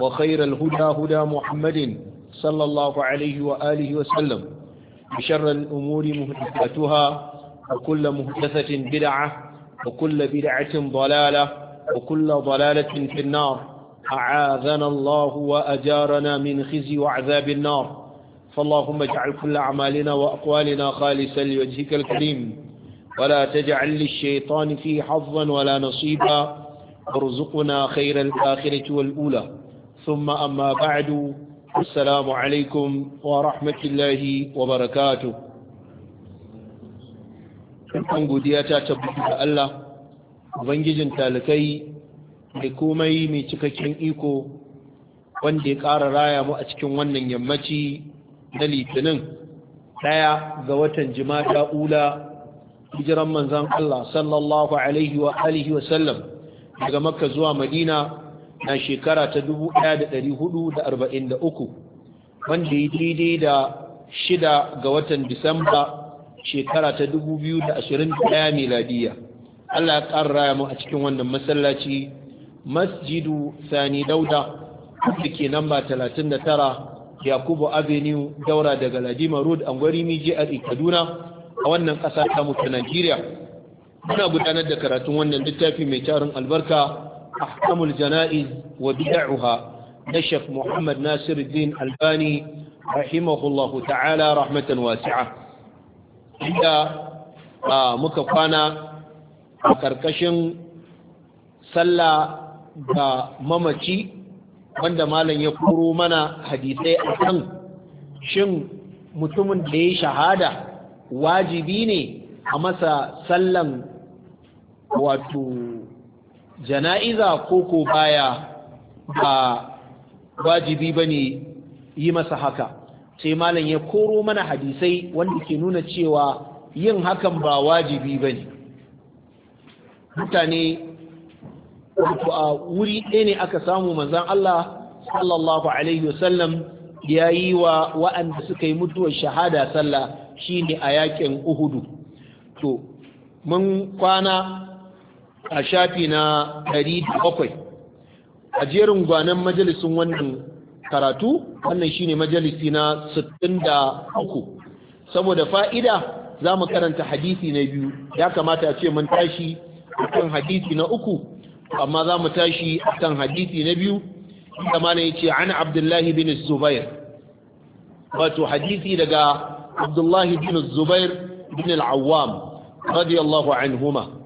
وخير الهدى هدى محمد صلى الله عليه وآله وسلم بشر الأمور مهدفتها وكل مهدثة بدعة وكل بدعة ضلالة وكل ضلالة في النار أعاذنا الله وأجارنا من خزي وعذاب النار فاللهم اجعل كل أعمالنا وأقوالنا خالصا لوجهك الكريم ولا تجعل للشيطان فيه حظا ولا نصيبا وارزقنا خير الآخرة والأولى ثم أما بعد السلام عليكم ورحمة الله وبركاته kan godiya ta tabbata ga Allah ubangijin talikai mai komai mai cikakken iko wanda ya ƙara raya mu a cikin wannan yammaci na litinin ɗaya ga watan jimata ula hijiran manzan Allah sallallahu alaihi wa alihi wa sallam daga makka zuwa madina na shekara ta 1443 wanda ya daidai da shida ga watan disamba shekara ta 2021 miladiya Allah ya ƙara mu a cikin wannan masallaci masjidu sani dauda da ke namba 39 yakubu avenue daura daga ladima road an gwari miji a kaduna a wannan ƙasa ta mutu najeriya muna gudanar da karatun wannan littafi mai tarin albarka أحكام الجنائز وبدعها نشف محمد ناصر الدين الباني رحمه الله تعالى رحمة واسعة عند مكفانا وكركشن صلى ممتي wanda malam ya kuro mana hadisai a kan shin mutumin da ya shahada wajibi ne a masa sallan wato jana'iza ko ko baya ba wajibi bane yi masa haka sai malam ya koro mana hadisai wanda ke nuna cewa yin hakan ba wajibi bane mutane wato a wuri ɗaya ne aka samu manzon Allah sallallahu alaihi wasallam ya yi wa waɗanda suka yi mutuwar shahada sallah shine a yakin uhudu to mun kwana a shafi na 107 a jerin gwanan majalisun wannan karatu wannan shine majalisi na 63 saboda fa'ida za mu karanta hadisi na biyu ya kamata a ce mun tashi akan hadisi na uku amma za mu tashi kan hadisi na biyu kama ne ce an abdullahi bin zubair wato hadisi daga abdullahi bin zubair bin al'awam radiyallahu anhuma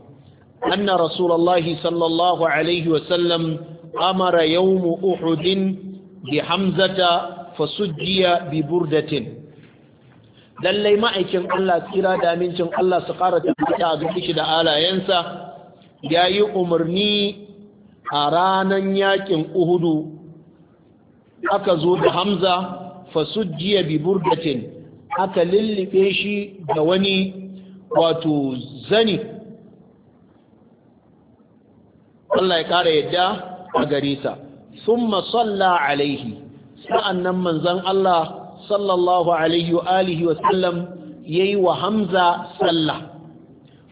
أن رسول الله صلى الله عليه وسلم أمر يوم أحد بحمزة فسجي ببردة lallai ma'aikin Allah kira da amincin Allah su ƙara tafiya ga shi da alayensa ya yi umarni a ranar yakin uhudu aka zo da hamza fasujiya bi burdatin aka lullube shi da wani wato zani Allah ya kara yadda a gare ta summa salla alaihi nan manzon Allah sallallahu alaihi wa alihi wa sallam yayi wa Hamza salla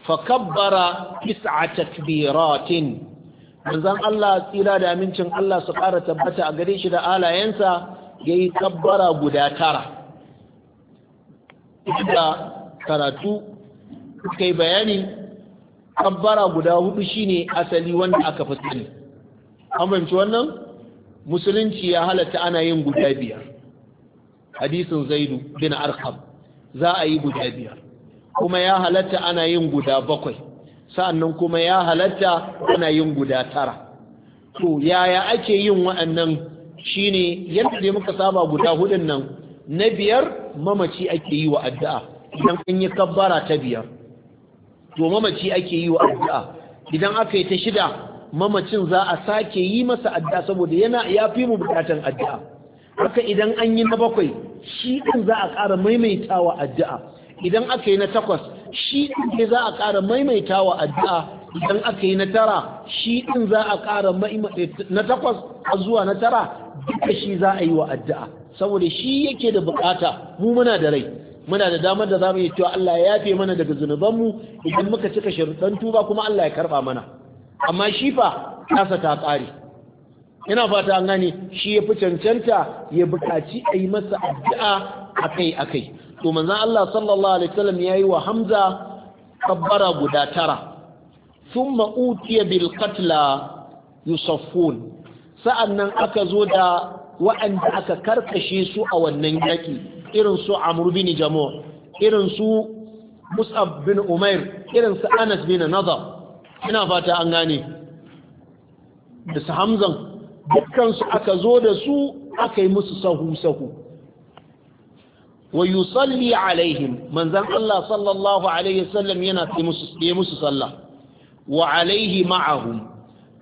fa kabbara tis'a takbiratin manzon Allah tsira da amincin Allah su kara tabbata a gare shi da alayensa yayi kabbara guda tara da karatu kai bayani kabbara guda hudu shine asali wanda aka fi sani an fahimci wannan musulunci ya halatta ana yin guda biyar hadisin zaidu bin arqam za a yi guda biyar kuma ya halatta ana yin guda bakwai sa'annan kuma ya halatta ana yin guda tara to yaya ake yin wa'annan shine yadda dai muka saba guda hudun nan na biyar mamaci ake yi wa addu'a idan an yi kabbara ta biyar to mamaci ake yi wa addu'a idan aka yi ta shida mamacin za a sake yi masa addu'a saboda yana ya fi mu bukatan addu'a haka idan an yi na bakwai shi din za a ƙara maimaitawa addu'a idan aka yi na takwas shi din ne za a ƙara maimaitawa addu'a idan aka yi na tara shi din za a ƙara na takwas zuwa na tara duka shi za a yi wa addu'a saboda shi yake da bukata mu muna da rai muna da damar da zamu yi cewa Allah ya yafe mana daga zunubanmu idan muka cika sharuɗan tuba kuma Allah ya karɓa mana amma shi fa kasa ta ƙare ina fata an gane shi ya fi cancanta ya buƙaci a yi masa addu'a akai akai to manzon Allah sallallahu alaihi wasallam yayi wa Hamza kabbara guda tara thumma utiya bil qatla yusaffun sa'annan aka zo da wa'anda aka karkashe su a wannan yaki irin su amr bin jamu' Irinsu mus'ab bin umair Irinsu anas bin nadar ina fata an gane da su hamzan dukkan su aka zo da su aka yi musu sahu sahu wa yusalli alaihim manzon Allah sallallahu alaihi sallam yana yi musu sallah wa alaihi ma'ahum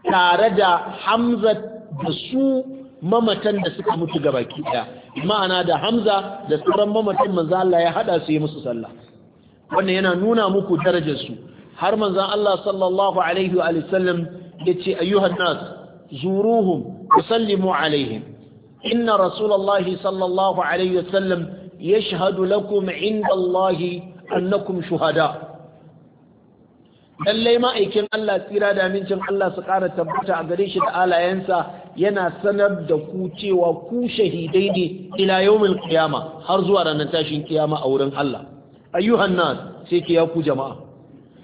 tare da hamza da su mamatan da suka mutu gabaki daya ma'ana da hamza da sauran mamatan manzo Allah ya hada su yi musu sallah wannan yana nuna muku darajar su har manzo Allah sallallahu alaihi wa sallam yace ayyuhan nas zuruhum sallimu alaihim inna rasulullahi sallallahu alaihi wa sallam yashhadu lakum inda Allah annakum shuhada lallai ma'aikin Allah tsira da amincin Allah su kara tabbata a gare shi da alayensa yana sanar da ku cewa ku shahidai ne ila yawmil qiyama har zuwa ranar tashin kiyama a wurin Allah ayyuhan nas sai ke ku jama'a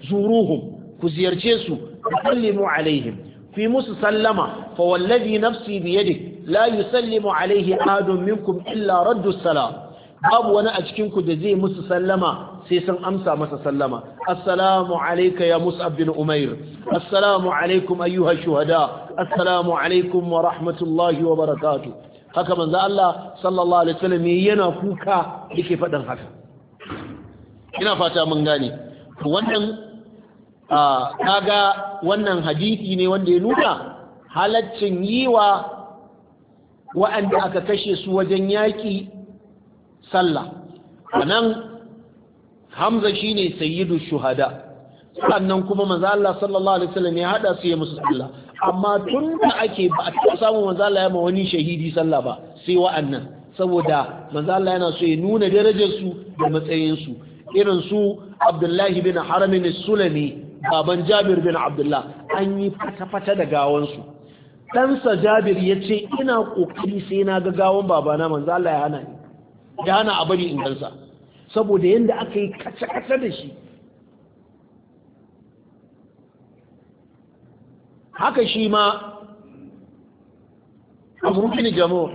zuruhum ku ziyarce su ku sallimu alaihim fi musu sallama fa wallazi nafsi bi yadi la yusallimu alaihi adun minkum illa raddu salam babu wani a cikin ku da zai musu sallama sai sun amsa masa sallama assalamu alayka ya mus'ab bin umair assalamu alaykum ayyuha shuhada assalamu alaykum wa rahmatullahi wa barakatuh haka manzo Allah sallallahu alaihi wasallam yana kuka yake faɗin haka ina fata mun gane wannan kaga wannan hadisi ne wanda ya nuna halaccin yiwa wa wa'anda aka kashe su wajen yaki. sallah anan hamza shine sayyidu shuhada sannan kuma manzo Allah sallallahu alaihi wasallam ya hada su ya musu sallah amma tun da ake ba a taɓa samun manzo Allah ya ma wani shahidi sallah ba sai wa'annan saboda manzo Allah yana so ya nuna darajar su da matsayin su irin su Abdullahi bin Haramin Sulami baban Jabir bin Abdullah an yi fata-fata da gawan su sa Jabir ya ce ina kokari sai na ga gawan babana manzo Allah ya hana ni ya hana a bari in saboda yadda aka yi kace da shi haka shi ma abubuwan jamo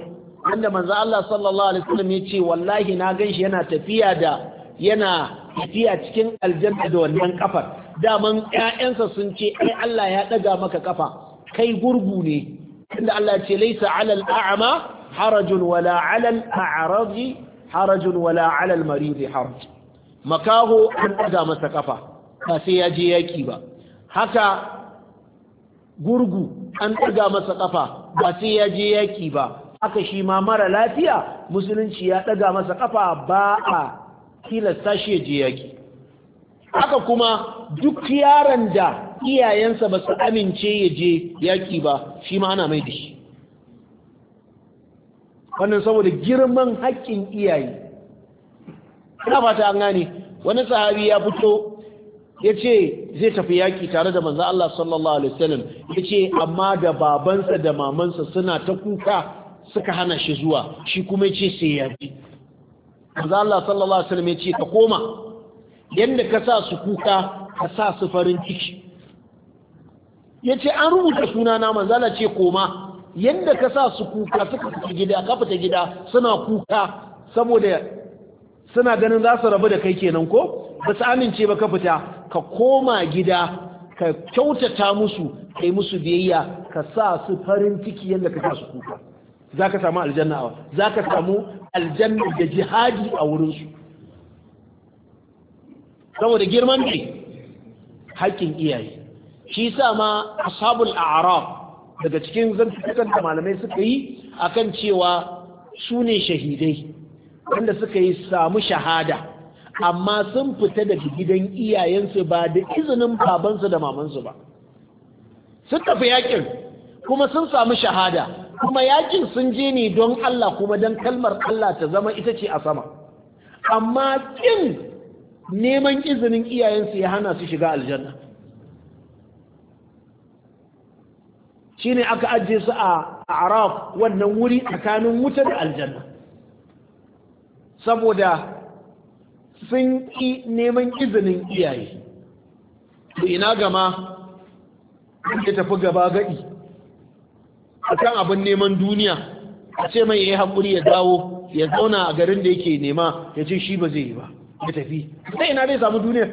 wanda manzo Allah sallallahu alaihi wasallam ya ce wallahi na ganshi yana tafiya da yana tafiya cikin aljanna da wannan kafar daman ƴaƴansa sun ce ai Allah ya daga maka kafa kai gurgu ne inda Allah ya ce laisa alal a'ma harajun wala alal a'raji harajun wala alal maridi haraj makaho an ɗaga masa kafa ba sai ya je yaki ba haka gurgu an ɗaga masa kafa ba sai ya je yaki ba haka shi ma mara lafiya musulunci ya ɗaga masa kafa ba a tilasta shi ya je yaki haka kuma duk yaron da iyayensa ba su amince ya je yaki ba shi ma ana mai da shi wannan saboda girman haƙƙin iyaye ina fata an gane wani sahabi ya fito ya ce zai tafi yaƙi tare da manzan Allah sallallahu alaihi wasallam ya ce amma da babansa da mamansa suna ta kuka suka hana shi zuwa shi kuma ya ce sai ya ji manzan Allah sallallahu alaihi wasallam ya ce ka koma Yadda ka sa su kuka ka sa su farin ciki ya ce an rubuta sunana manzan Allah ce koma Yadda ka sa su kuka suka fita gida ka fita gida suna kuka saboda suna ganin za su rabu da kai kenan ko ba su amince ba ka fita ka koma gida ka kyautata musu kai musu biyayya ka sa su farin ciki yadda ka sa su kuka za ka samu aljanna a za ka samu aljanna da jihadi a wurinsu saboda girman ne haƙƙin iyaye shi sa ma ashabul a'raf daga cikin zantukan da malamai suka yi a kan cewa su ne shahidai wanda suka yi samu shahada amma sun fita daga gidan iyayensu ba da izinin babansu da mamansu ba sun tafi yakin kuma sun samu shahada kuma yakin sun je ne don Allah kuma don kalmar Allah ta zama ita ce a sama amma kin neman izinin iyayensu ya hana su shiga aljanna ne aka ajiye su a araf wannan wuri tsakanin wuta da aljanna saboda sun yi neman izinin iyaye da ina gama ya tafi gaba gaɗi a kan abin neman duniya a ce mai ya yi haƙuri ya dawo ya zauna a garin da yake nema ya ce shi ba zai yi ba ya tafi ta ina zai samu duniya.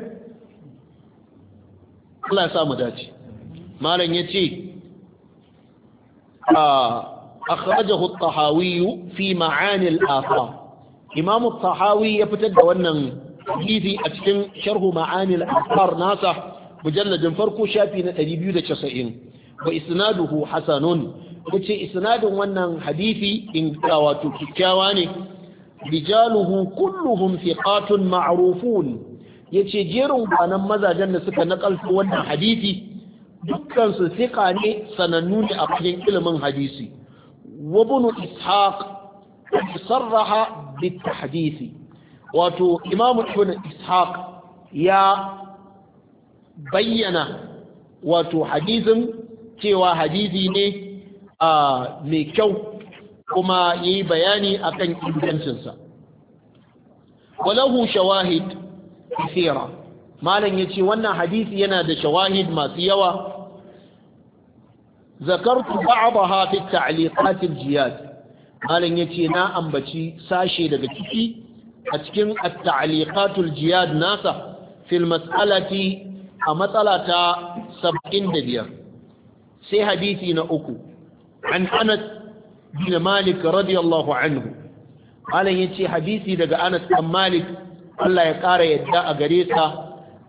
Allah ya samu dace malam ya ce akhrajahu at-tahawi fi ma'ani al imam at-tahawi ya fitar da wannan hadisi a cikin sharhu ma'ani al-athar nasa mujalladin farko shafi na ɗari biyu 290 wa isnaduhu hasanun yace isnadin wannan hadisi in wato kikkiawa ne rijaluhu kulluhum thiqatun ma'rufun yace jerin banan mazajen da suka nakalto wannan hadifi. dukkansu fiƙa ne sanannu ne a cikin ilimin hadisi bunu ishaq sarraha hadisi. wato imamu ibn ishaq ya bayyana wato hadisin cewa hadisi ne a mai kyau kuma yayi bayani akan ingancinsa walahu shawahid kafira malam yace wannan hadisi yana da shawahid masu yawa zakartu ba'daha fi ta'liqat al-jiyad malan yace na ambaci sashe daga ciki a cikin at-ta'liqat al-jiyad nasa fil mas'alati a matsala da 75 sai hadisi na uku an Anas bin Malik radiyallahu anhu malan yace hadisi daga Anas bin Malik Allah ya kara yadda a gare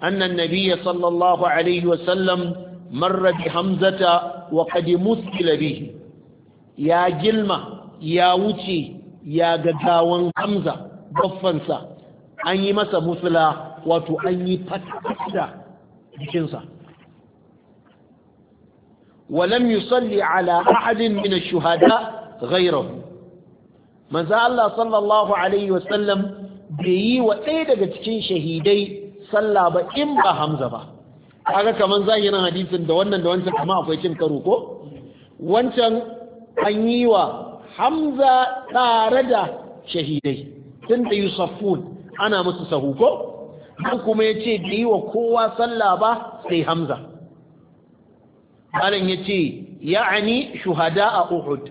annan nabiyyi sallallahu alaihi sallam. marra bi hamzata wa qad musila bihi ya gilma ya wuce ya ga hamza baffansa an yi masa musula wato an yi bikinsa. jikinsa ولم salli على أحد من الشهداء غيره manzo Allah sallallahu alaihi wasallam bai yi wa ɗaya daga cikin shahidai sallah ba in ba Hamza ba kaga kaman zahirin hadisin da wannan da wancan amma akwai cin karo ko wancan an yi wa hamza tare da shahidai tun da yusufun ana musu sahu ko dan kuma yace da yi wa kowa sallah ba sai hamza alan yace ya'ani shuhada a uhud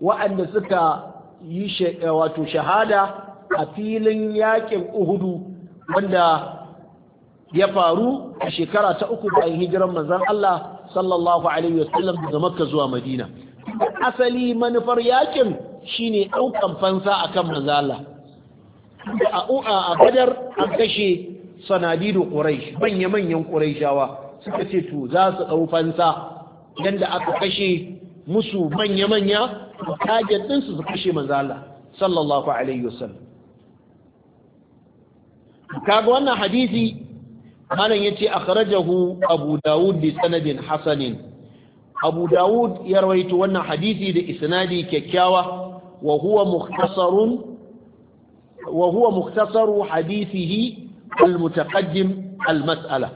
wa'anda suka yi wato shahada a filin yakin uhudu wanda ya faru a shekara ta uku bayan hijiran manzan Allah sallallahu alaihi wasallam daga Makka zuwa Madina asali manufar yakin shine aukan fansa akan manzon Allah a ua a Badar an kashe sanadidu Quraysh manya manyan Qurayshawa suka ce to za su dau fansa yanda aka kashe musu manya manya target din su kashe manzon Allah sallallahu alaihi wasallam kaga wannan hadisi malam yace akhrajahu abu Dawud bi sanadin hasanin abu Dawud ya rawaito wannan hadisi da isnadi kyakkyawa wa huwa mukhtasarun wa huwa mukhtasaru hadisihi almutaqaddim almas'ala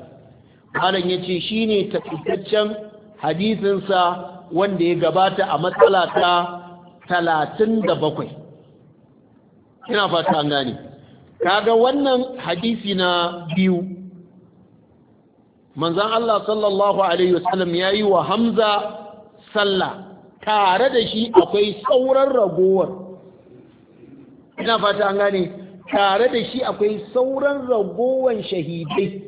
malam ce shine takaitaccen hadisin sa wanda ya gabata a matsala ta 37 ina fata an gane kaga wannan hadisi na biyu manzan Allah sallallahu Alaihi wasallam ya yi wa Hamza sallah tare da shi akwai sauran ragowar ina fata an gane tare da shi akwai sauran ragowar shahidai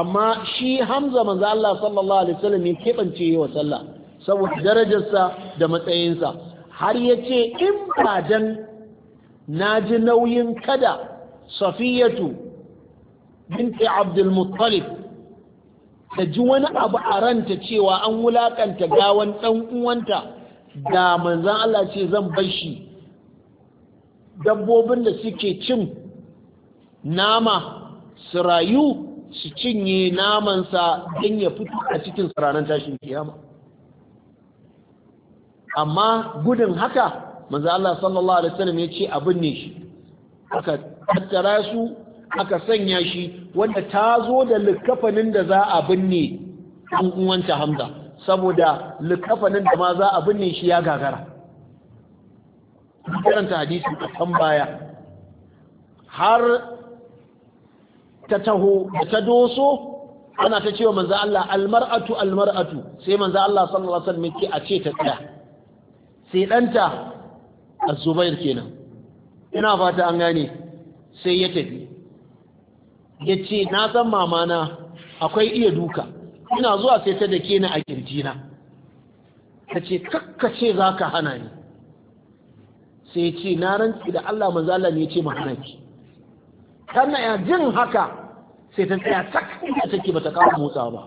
amma shi Hamza manzan Allah sallallahu Alaihi wasallam ya keɓance yi wa sallah saboda darajarsa da matsayinsa har ya ce in ba na ji nauyin kada safiyatu binti abdulmuttalib da ji wani abu a ranta cewa an wulakanta gawan ɗan uwanta da manzan Allah ce zan bar shi dabbobin da suke cin nama su rayu su cinye namansa don ya fito a cikin ranar tashin kiyama amma gudun haka manzan Allah sallallahu Alaihi wasallam ya ce abin ne shi aka tattara su aka sanya shi wanda ta zo da likafanin da za a binne an hamza saboda likafanin da ma za a binne shi ya gagara karanta hadisi a kan baya har ta taho da ta doso ana ta cewa manza Allah almar'atu almar'atu sai manza Allah sallallahu alaihi wasallam yake a ce ta tsaya sai danta Az-Zubair kenan ina fata an gane sai ya tafi ya ce na san mamana akwai iya duka ina zuwa sai ta da ke ni a kirjina ta ce kakkace za ka hana ni sai ce na ranci da Allah manzala ne ya ce mahana ki tana ya jin haka sai ta tsaya tak inda take bata kawo motsa ba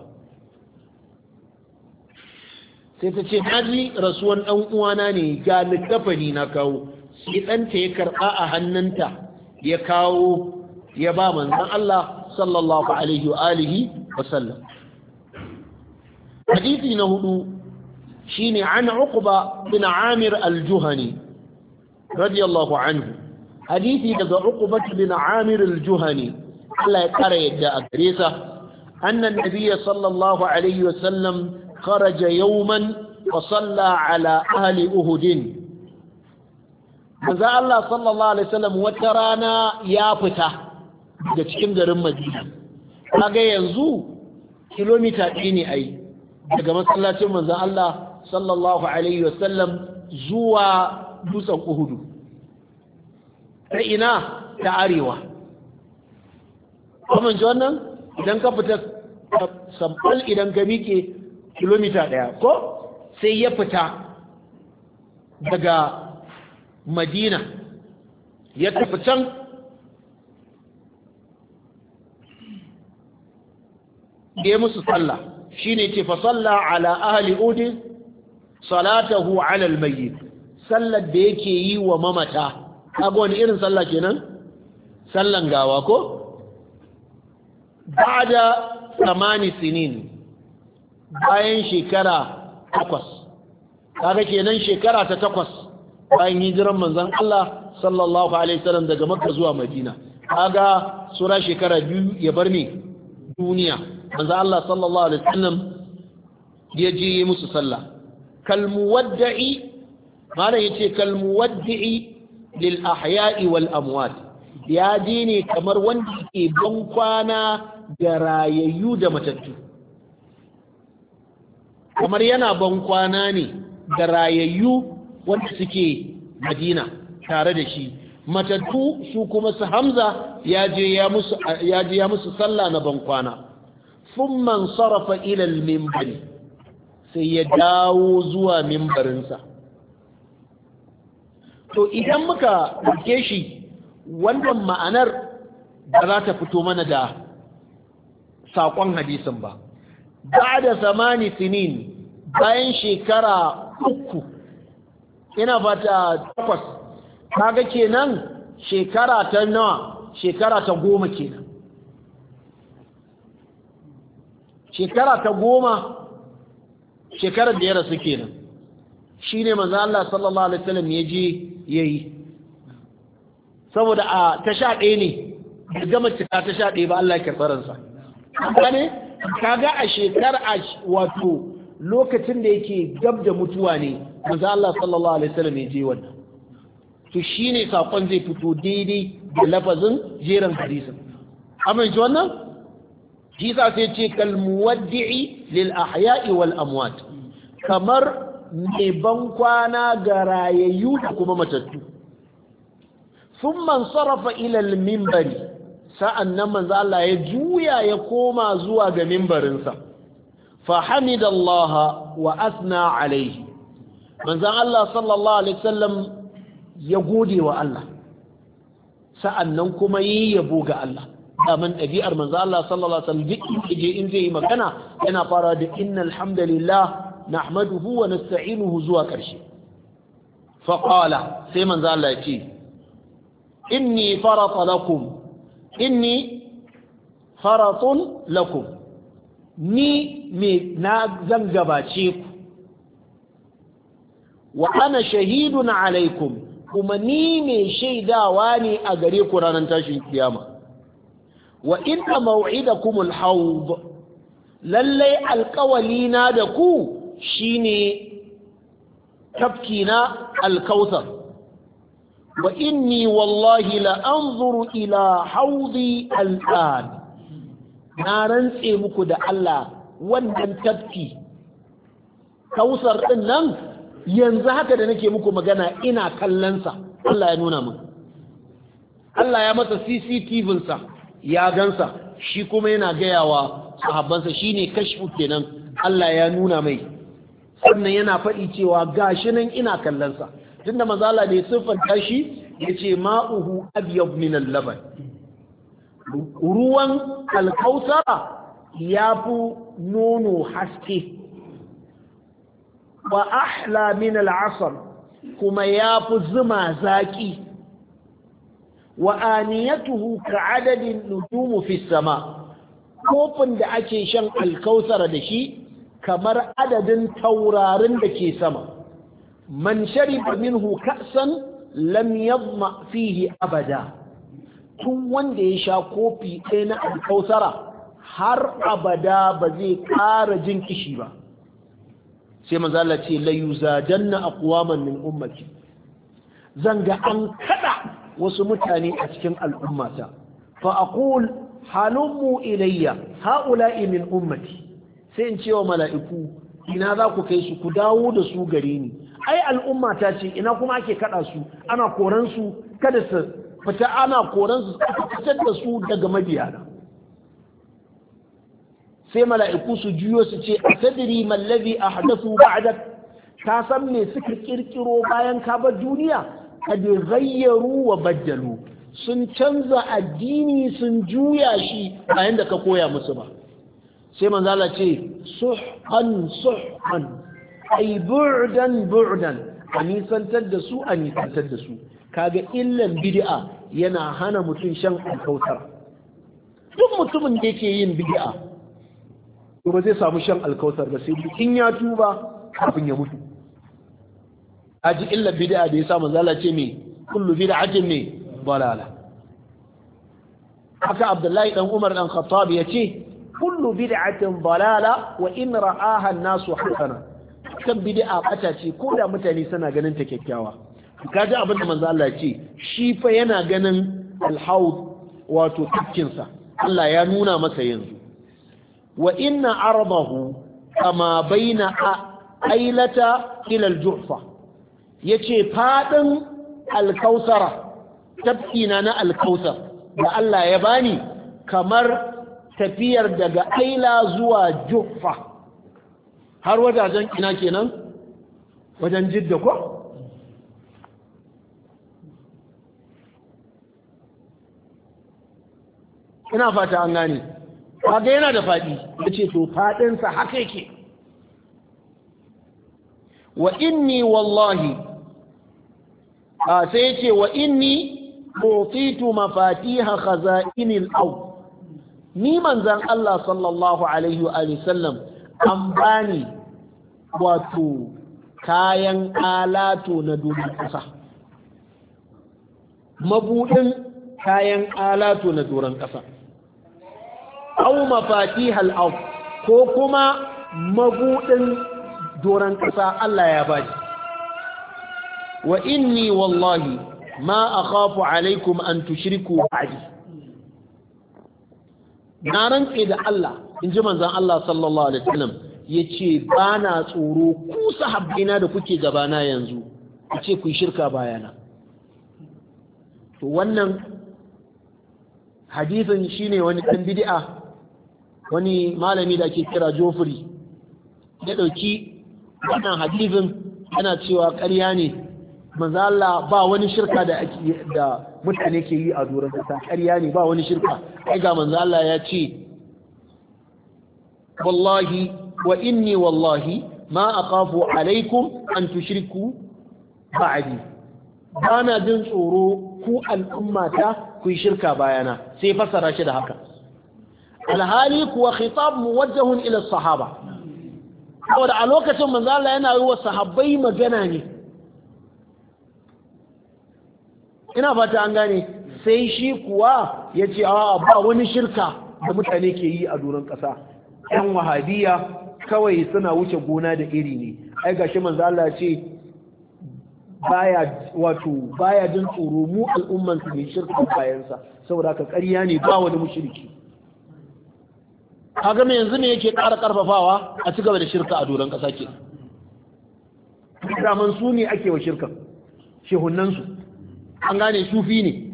sai ta ce haji rasuwan ɗan uwana ne ga littafani na kawo sai ɗanta ya karɓa a hannunta ya kawo ya ba manzon Allah sallallahu alaihi wa alihi wa sallam hadisi na hudu shine an uqba bin amir al-juhani radiyallahu anhu hadisi daga uqba bin amir al-juhani Allah ya kare yadda a gare sa annan nabiyyi sallallahu alaihi wa sallam kharaja yawman wa salla ala ahli uhud manzo Allah sallallahu alaihi wasallam wata rana ya fita daga cikin garin madina kaga yanzu kilomita ɗaya ne yi daga masallacin manzon Allah sallallahu alaihi wasallam zuwa dutsen uhudu ta ina ta arewa kuma ji wannan idan ka fita sampal idan ka miƙe kilomita ɗaya ko sai ya fita daga madina ya tafi can da musu sallah shine ce fa salla ala ahli udi salatahu ala almayyit sallar da yake yi wa mamata kaga wani irin salla kenan sallan gawa ko ba'da samani sinin bayan shekara takwas kaga kenan shekara ta takwas bayan hijiran manzon Allah sallallahu alaihi wasallam daga Makka zuwa Madina kaga sura shekara biyu ya bar ni duniya manzo Allah sallallahu alaihi wasallam ya je musu sallah kal muwaddi malam yace kal muwaddi lil ahya'i wal amwat ya je ne kamar wanda ke bankwana kwana ga rayayyu da matattu kamar yana ban kwana ne ga rayayyu wanda suke Madina tare da shi matattu su kuma su Hamza ya je ya musu ya je ya musu sallah na bankwana. ثم mimbari sai ya dawo zuwa mimbarinsa. to idan muka ɗauke shi wannan ma'anar ba za ta fito mana da saƙon hadisin ba ba da zamani sinin bayan shekara uku ina fata takwas kaga kenan shekara ta nawa shekara ta goma kenan shekara ta goma shekarar da ya rasu kenan shi ne maza Allah sallallahu alaihi wasallam ya je ya yi saboda a ta sha ɗaya ne da gama cika ta sha ba Allah ya karɓi ne ta ga a shekara a wato lokacin da yake gab da mutuwa ne maza Allah sallallahu alaihi wasallam ya je wannan to ne saƙon zai fito daidai da lafazin jeran hadisin amince wannan shi sa sai ce kal muwaddi'i lil ahya'i wal amwat kamar mai ban kwana ga rayayyu da kuma matattu man sarafa ila al minbari sa'annan manzo Allah ya juya ya koma zuwa ga mimbarinsa fa hamidallaha wa asna alaihi manzan Allah sallallahu Alaihi wasallam ya gode wa Allah sa'an nan kuma yi yabo ga Allah daman ɗabi'ar manzo Allah sallallahu alaihi wasallam je in zai yi magana yana fara da innal hamdalillah nahmaduhu wa nasta'inuhu zuwa ƙarshe fa qala sai manzo Allah ya ce inni farata ni me na zan gabace ku wa ana shahidun alaikum kuma ni mai shaidawa ne a gare ku ranar tashin kiyama wa inna al hawd lallai alkawali na da ku shine tafki na alkautar wa inni wallahi la anzuru ila hawdi al'an na rantse muku da Allah wannan tafki kausar din nan yanzu haka da nake muku magana ina kallonsa Allah ya nuna min Allah ya masa CCTV sa ya gansa shi kuma yana gayawa sahabbansa ne kashfu kenan Allah ya nuna mai sannan yana faɗi cewa gashi nan ina kallonsa tunda mazala ne siffanta shi ya ce ma'uhu abyab min al-laban ruwan alkausa ya fi nono haske wa ahla min al kuma ya fi zuma zaƙi wa aniyatuhu ka'adadin nujumu fi sama kofin da ake shan alkausara da shi kamar adadin taurarin da ke sama man shariba minhu ka'san lam yadma fihi abada tun wanda ya sha kofi ɗaya na alkausara har abada ba zai ƙara jin kishi ba sai manzala ce la yuzadanna aqwaman min ummati zanga an kada wasu mutane a cikin al'ummata fa aqul halummu ilayya haula'i min ummati sai in ce wa mala'iku ina za ku kai su ku dawo da su gare ni ai al'ummata ce ina kuma ake kada su ana koran su kada su fita ana koran su fitar da su daga mabiyana sai mala'iku su juyo su ce a sadiri mallabi a hadasu ba'dak Ta san me suka kirkiro bayan ka bar duniya qad ghayyaru wa sun canza addini sun juya shi bayan da ka koya musu ba sai manzo Allah ce suhan suhan ay bu'dan bu'dan a nisantar da su a nisantar da su kaga illan bid'a yana hana mutum shan alkautar duk mutumin da yake yin bid'a to ba zai samu shan alkautar ba sai in ya tuba kafin ya mutu aji illa bid'a da yasa manzo Allah ce me kullu bid'atin ne balala haka Abdullahi dan Umar dan Khattab yace kullu bid'atin balala wa in ra'aha an-nasu hasana kan bid'a bata ce ko da mutane suna ganin ta kyakkyawa kaji abin da manzo Allah ce shi fa yana ganin al hawd wato tafkin sa Allah ya nuna masa yanzu wa inna ardahu kama baina ailata ila al ya ce faɗin alkausara tafkina na alkausar da Allah ya bani kamar tafiyar daga aila zuwa juffa har wajajen ina kenan wajen jidda ko? ina fata an gani kaga yana da faɗi ya ce to faɗinsa haka yake wa inni wallahi A sai ya ce wa inni utitu mafatiha khaza'inil au ni manzan Allah sallallahu alaihi wa sallam an bani wato kayan alatu na domin ƙasa mabuɗin kayan alatu na doron ƙasa au mafatihal au ko kuma mabuɗin doron ƙasa Allah ya bashi wa inni wallahi ma a akhafu alaikum an tushriku ba'di na rantse da Allah in ji manzon Allah sallallahu alaihi wasallam yace ba na tsoro ku sahabbaina da kuke gabana yanzu ku ce ku shirka bayana to wannan hadisin shine wani dan bid'a wani malami da ake kira Jofri ya ɗauki wannan hadisin yana cewa ƙarya ne manzo Allah ba wani shirka da ake da mutane ke yi a doron kasa ƙarya ne ba wani shirka ai ga manzo Allah ya ce wallahi wa inni wallahi ma aqafu alaikum an tushriku ba'di bana jin tsoro ku al'ummata ku shirka bayana sai fasara shi da haka alhali kuwa khitab muwajjahun ila sahaba saboda a lokacin manzo Allah yana yi wa sahabbai magana ne ina fata an gane sai shi kuwa ya ce a ba wani shirka da mutane ke yi a doron ƙasa yan wahabiya kawai suna wuce gona da iri ne ai shi manzo Allah ce baya wato baya jin tsoro mu al'umman su ne shirka bayansa saboda ka ƙarya ne ba wani mushriki kaga me yanzu ne yake ƙara ƙarfafawa a ci gaba da shirka a doron ƙasa ke daman su ne ake wa shirkan su an gane sufi ne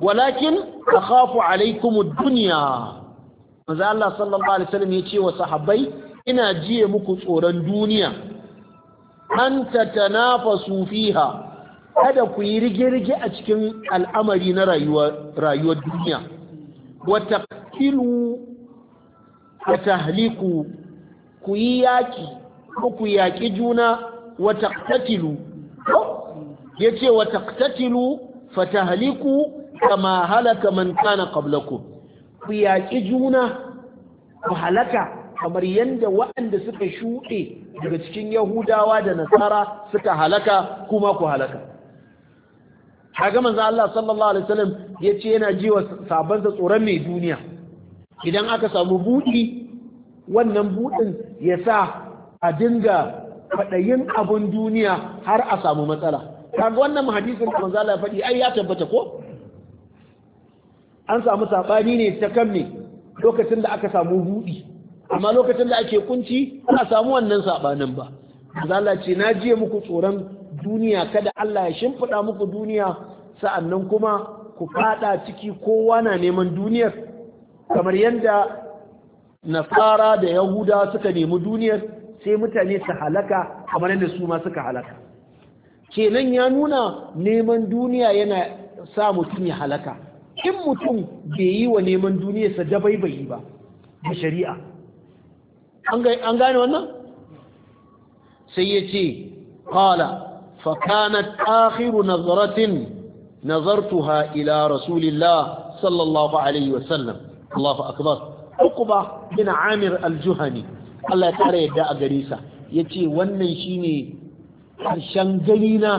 walakin akhafu alaikum Duniya' dunya Allah sallallahu alaihi wasallam ce wa sahabbai ina jiye muku tsoron duniya an tatanafasu fiha kada ku yi rige-rige a cikin al'amari na rayuwar duniya wata kilu wata haliku ku yi yaƙi ku yaƙi juna wata katilu yace wa taqtatilu fatahliku kama halaka man kana qablakum ku yaƙi juna ku halaka kamar yadda waɗanda suka shuɗe daga cikin yahudawa da nasara suka halaka kuma ku halaka kaga manzo Allah sallallahu alaihi wasallam yace yana jiwa saban da tsoron mai duniya idan aka samu buɗi wannan buɗin ya sa a dinga faɗayin abin duniya har a samu matsala kaga wannan hadisin da manzo Allah ya faɗi ai ya tabbata ko an samu sabani ne ta kan me lokacin da aka samu buɗi amma lokacin da ake kunci ba samu wannan sabanin ba manzo Allah ce na jiye muku tsoron duniya kada Allah ya shimfiɗa muku duniya sa'annan kuma ku fada ciki kowa na neman duniyar kamar yadda nasara da yahuda suka nemi duniyar sai mutane su halaka kamar yadda su ma suka halaka kenan ya nuna neman duniya yana sa mutum ya halaka in mutum bai yi wa neman duniyarsa dabaibayi ba da shari'a an gane wannan sai ya ce qala Fakanat akhiru nazaratin nazartuha ila rasulillah sallallahu alaihi wasallam Allahu akbar uqba bin amir al-juhani Allah ya kare yadda a gare sa ce wannan shine harshen gani na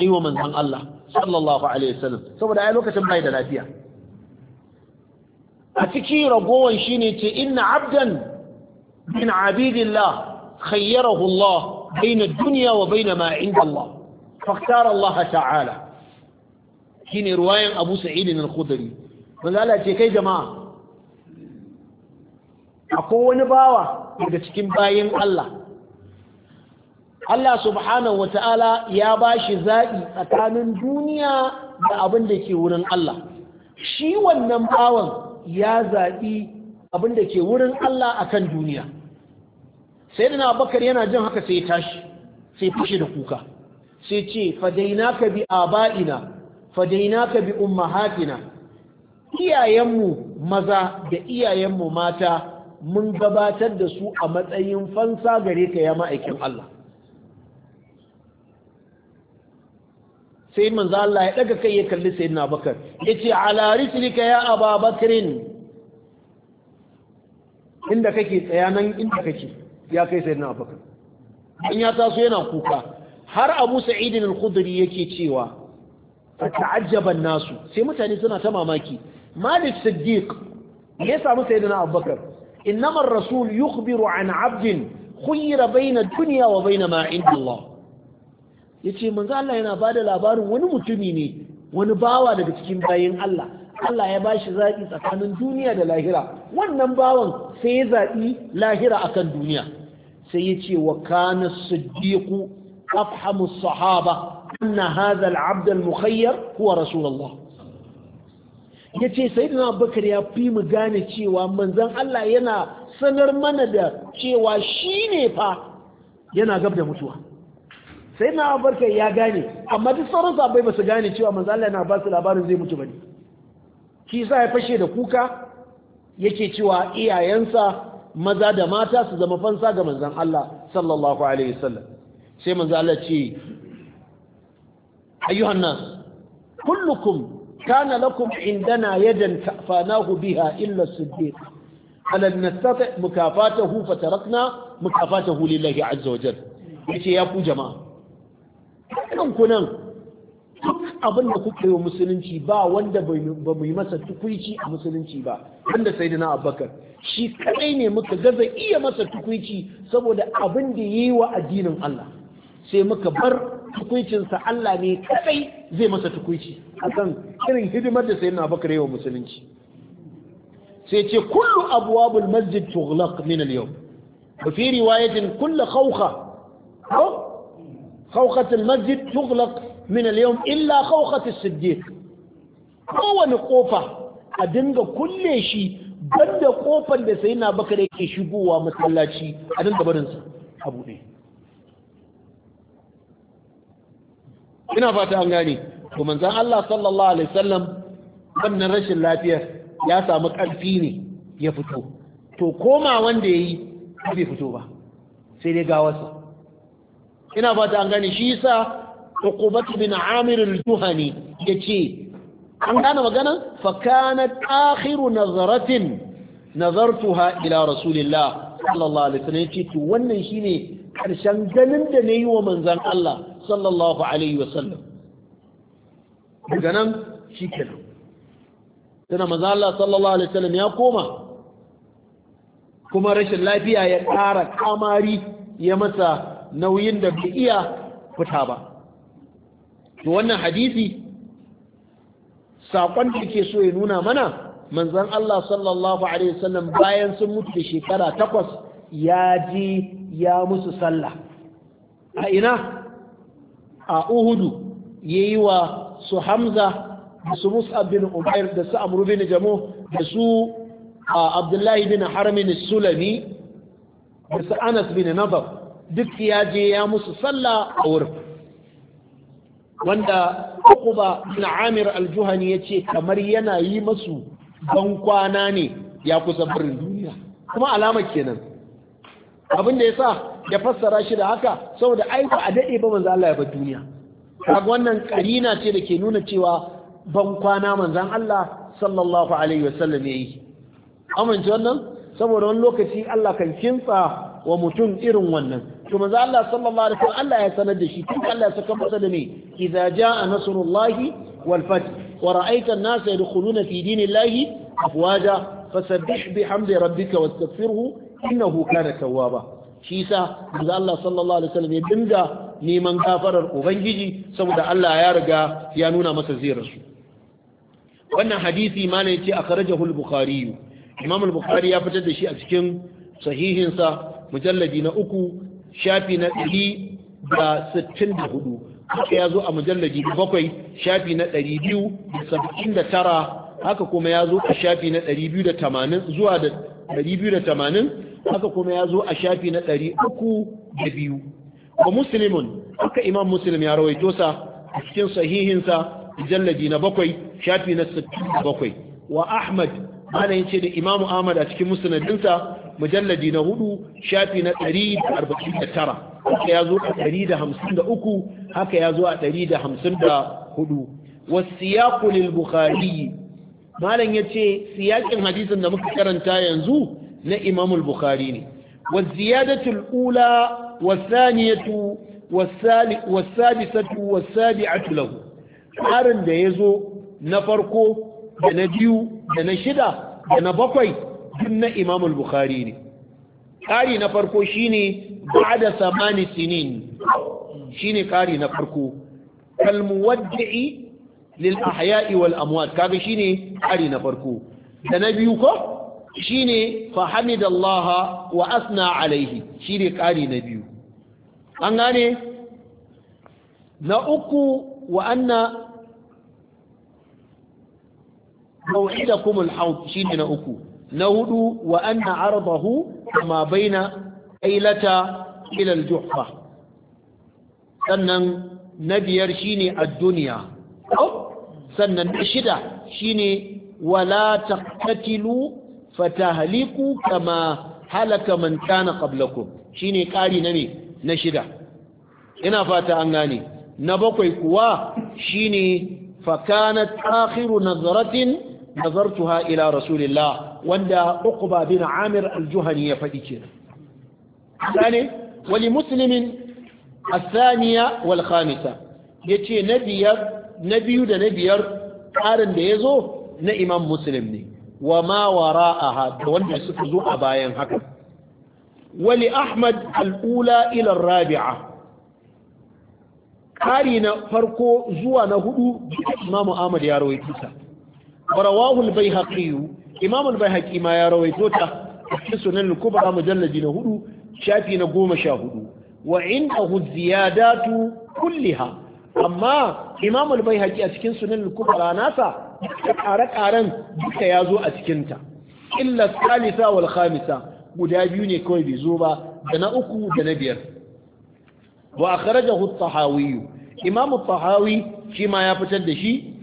yi wa manzon Allah sallallahu alaihi wasallam saboda ai lokacin bai da lafiya a ciki ragowan shine ce inna abdan bin min abidillah khayyarahu Allah baina duniya wa baina ma inda Allah faktara Allah ta'ala shine ruwayan Abu Sa'id al-Khudri manzo Allah kai jama'a akwai wani bawa daga cikin bayan Allah Allah subhanahu wata'ala ya ba shi zaɓi tsakanin duniya da abin da ke wurin Allah shi wannan bawan ya zaɓi abin da ke wurin Allah akan duniya sai dana bakar yana jin haka sai tashi sai fushi da kuka sai ce fadainaka bi aba'ina fadainaka bi ummahatina iyayenmu maza da iyayenmu mata mun gabatar da su a matsayin fansa gare ka ya ma'aikin Allah sai manzo Allah ya daga kai ya kalli sayyidina Abubakar yace ala rislika ya Aba Bakrin inda kake tsaya nan inda kake ya kai sayyidina Abubakar in ya taso yana kuka har Abu Sa'id al-Khudri yake cewa ta'ajjaba nasu sai mutane suna ta mamaki Malik Siddiq ya samu sayyidina Abubakar innamar rasul yukhbiru an 'abdin khuyira bayna dunya wa bayna ma 'inda yace manzo Allah yana bada labarin wani mutumi ne wani bawa daga cikin bayin Allah Allah ya bashi zaɓi tsakanin duniya da lahira wannan bawan sai ya zaɓi lahira akan duniya sai ya ce wa kana siddiqu afhamu sahaba anna hadha al-abd al-mukhayyar huwa rasulullah yace sayyidina Abubakar ya fi mu gane cewa manzon Allah yana sanar mana da cewa shine fa yana gab da mutuwa sai na abubakar ya gane amma duk sauran sabai ba su gane cewa manzo Allah yana ba su labarin zai mutu bane shi yasa ya fashe da kuka yake cewa iyayensa maza da mata su zama fansa ga manzon Allah sallallahu alaihi wasallam sai manzo Allah ce ayyuhan nas kullukum kana lakum indana yadan tafanahu biha illa as-siddiq alam nastati mukafatahu fatarakna mukafatahu lillahi azza wa jalla yace ya ku jama'a kanku nan, duk abin da kuka yi wa musulunci ba wanda ba mu yi masa tukuici a musulunci ba wanda sai na abakar shi kadai ne muka gaza iya masa tukuici saboda abin da ya yi wa addinin Allah sai muka bar tukuicinsa Allah ne kadai zai masa tukuici akan irin hidimar da sai na yiwa yi wa musulunci sai ce kullu abwabul masjid tughlaq min al-yawm wa fi riwayatin kullu khawkha خوخة المسجد تغلق من اليوم إلا خوخة الصديق هو نقوفة أدنغ كل شيء بند قوفا لسينا بكر يشبوها مثل شيء أدنغ برنسا أبو إيه ina fata an gane to manzon Allah sallallahu alaihi wasallam wannan rashin lafiyar ya samu ƙarfi ne ya fito to koma wanda yayi bai fito ba sai dai wasu. ina fata an gane shi yasa uqubatu bin amir al-juhani yace an gane magana fa kanat akhiru nazaratin nazartuha ila rasulillah sallallahu alaihi wasallam yace to wannan shine karshen ganin da nayi wa manzon Allah sallallahu alaihi wasallam daga nan shikenan tana manzon Allah sallallahu alaihi wasallam ya koma kuma rashin lafiya ya ƙara kamari ya masa nauyin da bai iya fita ba to wannan hadisi saƙon da ke so ya nuna mana manzon Allah sallallahu alaihi wasallam bayan sun mutu da shekara takwas ya ji ya musu sallah a ina a uhudu yayi wa su hamza da su mus'ab bin umair da su amru bin da su abdullahi bin haramin sulami da su anas bin nadar duk ya je ya musu sallah a wurin wanda ba na Amir al-Juhani ce, kamar yana yi masu ban kwana ne ya kusa barin duniya kuma alama kenan abin da ya sa, ya fassara shi da haka saboda ai ba a daɗe ba manzo Allah ya bar duniya kaga wannan karina ce da ke nuna cewa ban kwana manzon Allah sallallahu alaihi wasallam yayi amince wannan saboda wani lokaci Allah kan kinsa wa mutum irin wannan to manzo Allah sallallahu alaihi wasallam Allah ya sanar da shi tun Allah ya saka masa da me idza jaa nasrullahi wal fath wa ra'aita an-nasa yadkhuluna fi dinillahi afwaja fasabbih bihamdi rabbika wastaghfirhu innahu kana tawwaba shi sa manzo Allah sallallahu alaihi wasallam ya dinga neman gafarar ubangiji saboda Allah ya riga ya nuna masa zai rasu wannan hadisi mana ce akhrajahu al-bukhari imam al-bukhari ya fitar da shi a cikin sahihinsa mujallabi na uku shafi na ɗari da sittin da hudu haka ya zo a mujallaji bakwai shafi na ɗari biyu da saba'in da tara haka kuma ya zo a shafi na ɗari biyu da tamanin zuwa da ɗari biyu da tamanin haka kuma ya zo a shafi na ɗari uku da biyu wa musulmin haka imam musulmin ya rawaito sa a cikin sahihinsa mujallaji na bakwai shafi na sittin da bakwai wa ahmad ana yin ce da imamu ahmad a cikin musnadinsa mujalladi na hudu shafi na ɗari da da arba'in tara. haka ya zo a ɗari da da hamsin uku. haka ya zo a ɗari da hamsin 154 wasiyaqu lil bukhari malam ya ce siyakin hadisin da muka karanta yanzu na Imamul bukhari ne wa ziyadatu al ula wa thaniyatu wa wa sabi'atu lahu harin da ya zo na farko da na biyu da na shida da na bakwai جن إمام البخاري قاري نفركو شيني بعد ثمان سنين شيني قاري نفركو كالمودع للأحياء والأموات كاري شيني قاري نفركو تنبيوك شيني فحمد الله وأثنى عليه شيني قاري نبيو أنغاني نأكو وأن موعدكم الحوض شيني نأكو na hudu wa anna ardahu kama baina ailata ila al-juhfa sannan na biyar shine ad-dunya sannan na shida shine wala taqtatilu fatahliku kama halaka man kana qablakum shine kari na ne na shida ina fata an gane na bakwai kuwa shine fakanat akhiru nazratin nazartuha ila rasulillah wanda ukuba bin amir aljuhani ya faɗi ke ne wani musulmin a saniya wal ya ce na biyu da na biyar tsarin da ya zo na imam musulim ne wa ma a hada wanda suka zo a bayan haka wali ahmad al'ula ilar rabi'a kari na farko zuwa na hudu imam ahmad ya rawaitu sa barawahul bai haƙiyu imam al-baihaqi ma ya rawaito ta cikin sunan al-kubra mujalladi na hudu shafi na goma sha hudu wa indahu ziyadatu kulliha amma imam al-baihaqi a cikin sunan al-kubra nasa kare-karen duka ya zo a cikinta illa salisa wal khamisa guda biyu ne kawai bai zo ba da na uku da na biyar wa akhrajahu at-tahawi imam at-tahawi shi ma ya fitar da shi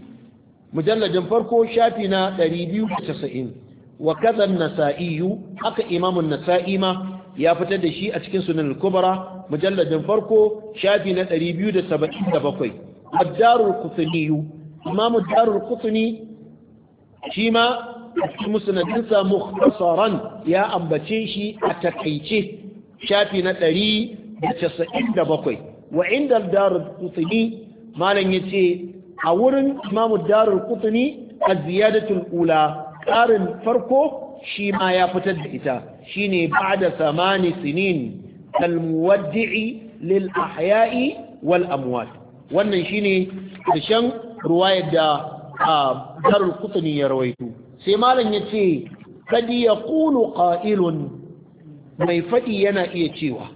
mujalladin farko shafi na 290 wa kazan nasa'iyu haka imamun nasa'i ma ya fitar da shi a cikin sunan al-kubra mujalladin farko shafi na 277 ad-darul qutni imamu darul qutni shi ma cikin musnadinsa mukhtasaran ya ambace shi a takaice shafi na 197 wa inda ad-darul qutni malan yace a wurin imamu darul kutuni a ziyadatul ula ƙarin farko shi ma ya fitar da ita shine ba'da samani sinin kalmuwaddi'i lil ahya'i wal amwat wannan shine karshen ruwayar da darul kutuni ya rawaito sai malam ya ce ya yaqulu ƙa'ilun mai faɗi yana iya cewa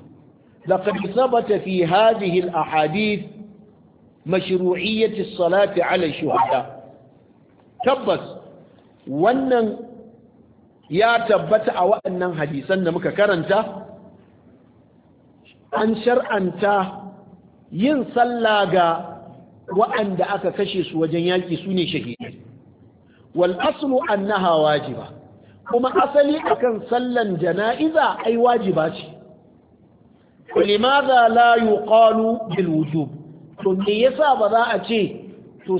laqad thabata fi hadhihi al mashru'iyyati salati ala shuhada tabbas wannan ya tabbata a waɗannan hadisan da muka karanta an shar'anta yin sallah ga waɗanda aka kashe su wajen yaƙi su ne shahidai wal aslu annaha wajiba kuma asali akan sallan jana'iza ai wajiba ce limadha la yuqalu bil wujub to me yasa ba za a ce to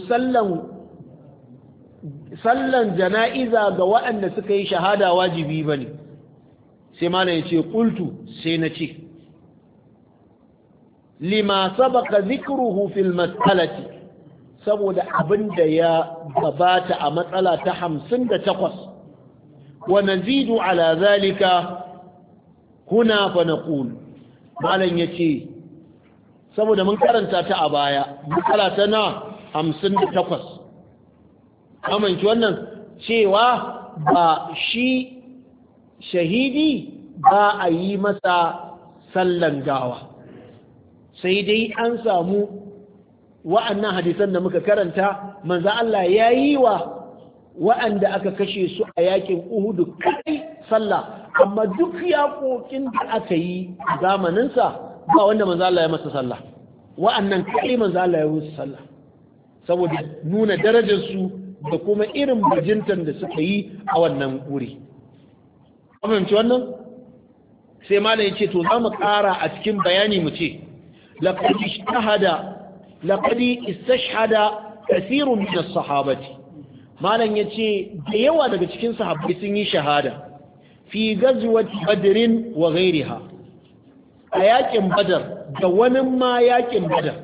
sallan jana'iza ga waɗanda suka yi shahada wajibi ba ne sai mana ya ce ƙultu sai na ce lima sabaka zikruhu fil matsalati saboda abin da ya gabata a matsala ta hamsin da takwas wa nazidu ala zalika huna fa naqul malan yace saboda mun karanta ta a baya bukala ta na hamsin da takwas amince wannan cewa ba shi shahidi ba a yi masa sallan gawa sai dai an samu wa'annan hadisan da muka karanta manza Allah ya yi wa wa'anda aka kashe su a yakin uhudu kai sallah amma duk yaƙoƙin da aka yi zamaninsa ba wanda manza Allah ya masa sallah wa'annan kai za Allah ya musu sallah saboda nuna darajarsu da kuma irin bajintan da suka yi a wannan wuri fahimci wannan sai malam ya ce to za mu ƙara a cikin bayani mu ce laqad ishtahada laqad istashhada min sahabati malam ya ce da yawa daga cikin sahabbai sun yi shahada fi gazwati badrin wa ghairiha a yaƙin badar da wani ma yaƙin badar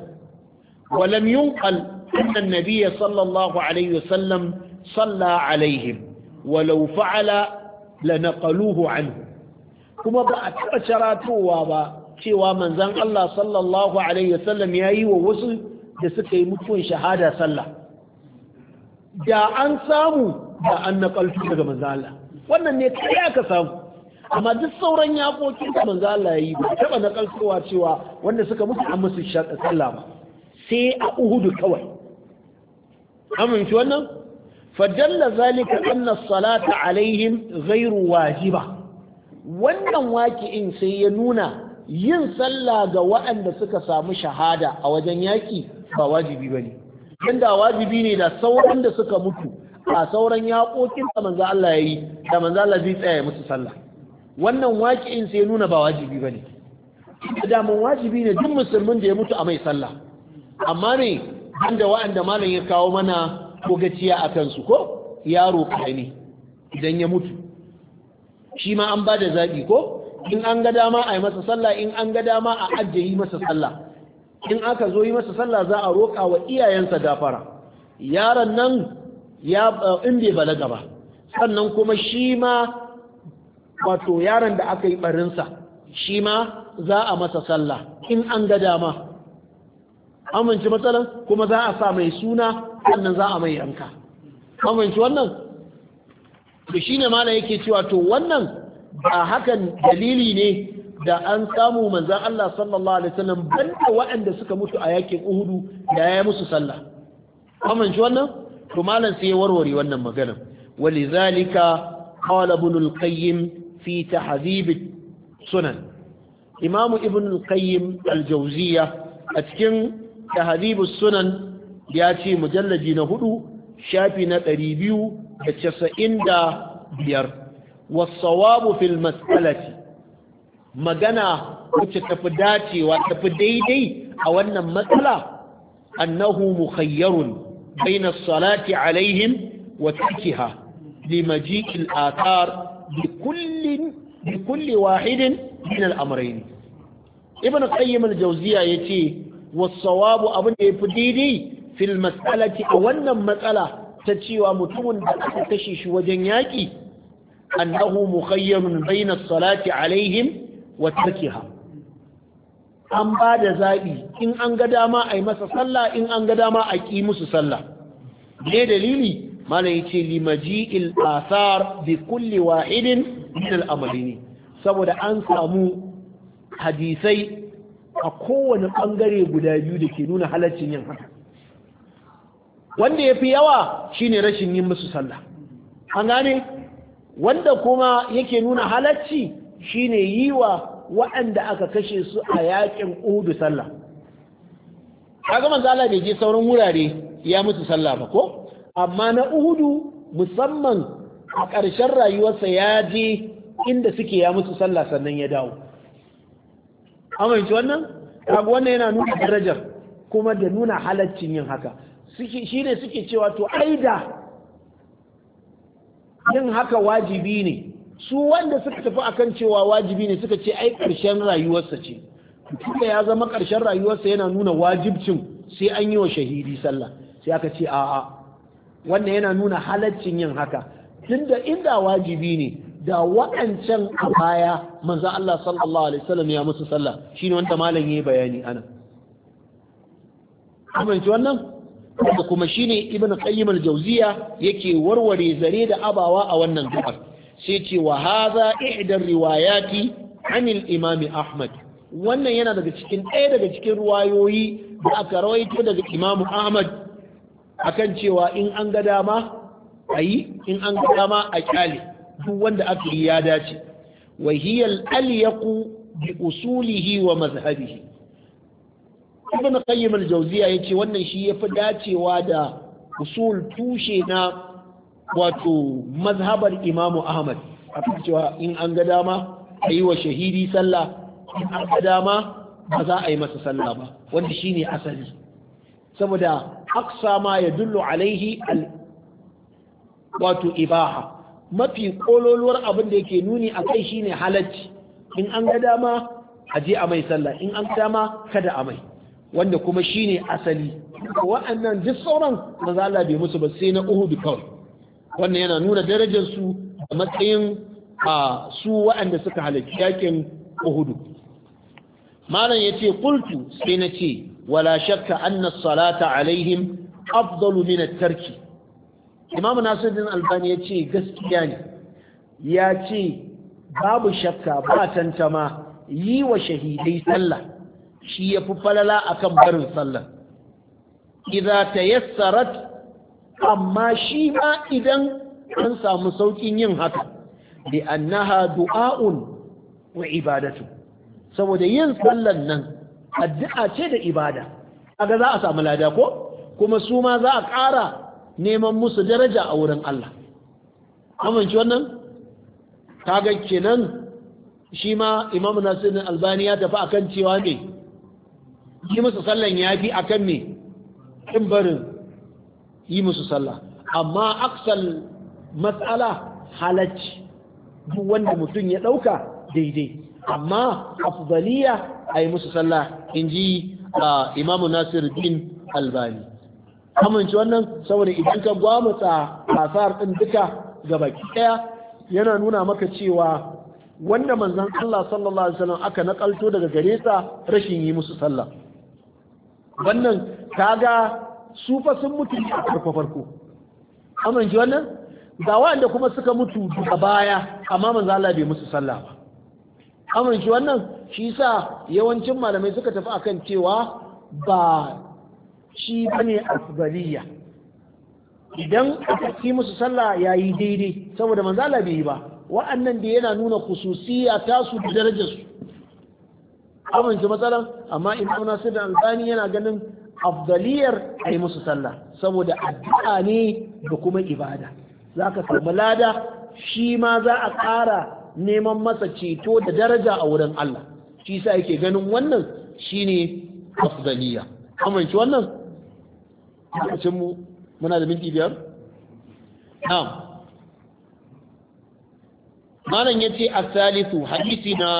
walam yun kal inda nabiya sallallahu alaihi wasallam salla alaihim walau fa'ala lanaqaluhu anhu kuma ba a taɓa caratowa ba cewa manzan Allah sallallahu alaihi wasallam ya yi wa wasu da suka yi mutuwar shahada sallah da an samu da an naƙaltu daga manzan wannan ne kai aka samu amma duk sauran yakokin da manzo Allah yayi ba taba na kalkowa cewa wanda suka mutu an musu shaka sallah ba sai a Uhud kawai amin shi wannan fadalla zalika anna salata alaihim ghairu wajiba wannan waki'in sai ya nuna yin sallah ga waɗanda suka samu shahada a wajen yaki ba wajibi bane inda wajibi ne da sauran da suka mutu a sauran yakokin da manzo Allah yayi da manzo Allah zai tsaya musu sallah wannan waƙi'in sai nuna ba wajibi ba ne daman wajibi ne duk musulmin da ya mutu a mai sallah amma ne ban da wa'anda malam ya kawo mana ko gaciya a kansu ko yaro ƙarami idan ya mutu shi ma an ba da zaɓi ko in an ga dama a yi masa sallah in an ga dama a ajiye yi masa sallah in aka zo yi masa sallah za a roƙa wa iyayensa gafara yaron nan ya eh, in bai balaga ba sannan kuma shi ma wato yaron da aka yi barinsa shi ma za a masa sallah in an ga dama amince matsalan kuma za a sa mai suna sannan za a mai yanka amince wannan to shine ma yake cewa to wannan ba hakan dalili ne da an samu manzan Allah sallallahu alaihi wasallam banda waɗanda suka mutu a yakin Uhudu da ya musu sallah amince wannan to malam sai ya warware wannan magana walizalika qala ibn al-qayyim fi tahdhib sunan imam ibn qayyim al-jawziya a cikin tahdhib sunan ya ce mujallaji na hudu shafi na ɗari biyu da casa'in da biyar. sawab fil mas'alati magana wuce tafi dacewa tafi daidai a wannan matsala annahu mukhayyarun bayna as-salati alaihim wa tarkiha لمجيء الآثار bi kulli wahidin min al-amrayn ibn qayyim al-jawziya yace was-sawabu abin da yafi daidai fil mas'alati a wannan matsala ta cewa mutumin da aka kashe shi wajen yaki annahu mukhayyarun bayna as alaihim wa tarkiha an ba da zaɓi in an ga dama a yi masa sallah in an ga dama a ƙi musu sallah ne dalili malam yace limaji'il asar bi kulli wahidin min al amalini. saboda an samu hadisai a kowane bangare guda biyu da ke nuna halaccin yin haka wanda ya fi yawa shine rashin yin musu sallah an gane wanda kuma yake nuna halacci shine yi wa waɗanda aka kashe su a yakin udu sallah kaga manzo a bai je sauran wurare ya musu sallah ba ko amma na uhudu musamman a ƙarshen rayuwarsa ya je inda suke ya mutu sallah sannan ya dawo amince wannan kaga wannan yana nuna darajar kuma da nuna halaccin yin haka shi ne suke cewa to ai da yin haka wajibi ne su wanda suka tafi akan cewa wajibi ne suka ce ai ƙarshen rayuwarsa ce tunda ya zama ƙarshen rayuwarsa yana nuna wajibcin sai an yi wa shahidi sallah sai aka ce a'a wannan yana nuna halaccin yin haka tunda inda wajibi ne da waɗancan a baya manzo Allah sallallahu alaihi wasallam ya musu sallah shine wanda malam yayi bayani ana amince wannan da kuma shine ibnu qayyim al-jawziya yake warware zare da abawa a wannan gabar sai ce wa hadha ihda riwayati anil Imami imam ahmad wannan yana daga cikin ɗaya daga cikin ruwayoyi da aka rawaito daga imam ahmad akan cewa in an ga dama a yi in an ga dama a kyale duk wanda aka yi ya dace wa hiyal aliyaku bi usulihi wa mazhabihi ibn qayyim al-jawziya yace wannan shi yafi dacewa da usul tushe na wato mazhabar imam ahmad akan cewa in an ga dama a yi wa shahidi sallah in an ga dama ba za a yi masa sallah ba wanda shine asali saboda aqsa ya yadullu alaihi al wato ibaha mafi ƙololuwar abin da yake nuni a kai shine halacci in an ga dama a je a mai sallah in an dama kada a mai wanda kuma shine asali wa'annan duk sauran maza Allah bai musu ba sai na hudu kawai wannan yana nuna darajar su a matsayin a su waɗanda suka halarci yakin Uhud malam yace qultu sai na ce wala shakka anna salata alaihim afdalu min at-tarki Imam Nasiruddin Albani yace gaskiya ne Ya ce, babu shakka ba tantama yi wa shahidai sallah shi yafi falala a kan barin sallah idza tayassarat amma shi ma idan an samu sauƙin yin haka bi annaha du'a'un wa ibadatu saboda yin sallar nan addu'a ce da ibada kaga za a samu lada ko kuma su ma za a ƙara neman musu daraja a wurin Allah amince wannan kaga kenan shi ma imamu nasirin albani ya tafi akan cewa ne yi musu sallan ya fi akan me in barin yi musu sallah amma aksal matsala halacci duk wanda mutum ya ɗauka daidai amma afdaliya a yi musu sallah in ji a imamu bin albani amince wannan saboda idan ka gwamutsa kasar ɗin duka gaba ɗaya yana nuna maka cewa wanda manzan Allah sallallahu alaihi wasallam aka nakalto daga gare sa rashin yi musu sallah wannan kaga su fa sun mutu a farko farko amince wannan ga wanda kuma suka mutu a baya amma manzan Allah bai musu sallah ba amince wannan shi sa yawancin malamai suka tafi akan cewa ba shi ba ne asbaliya idan aka yi musu sallah yi daidai saboda manzala bai yi ba wa'annan da yana nuna kususiya ta su da darajarsu su amince matsalan amma Imam Nasir da alzani yana ganin afdaliyar a yi musu sallah saboda addu'a ne da kuma ibada za ka samu lada shi ma za a ƙara neman masa ceto da daraja a wurin Allah shi sa yake ganin wannan shine afdaliya amince wannan lokacin mu muna da minti biyar na'am malam yace asalisu hadisi na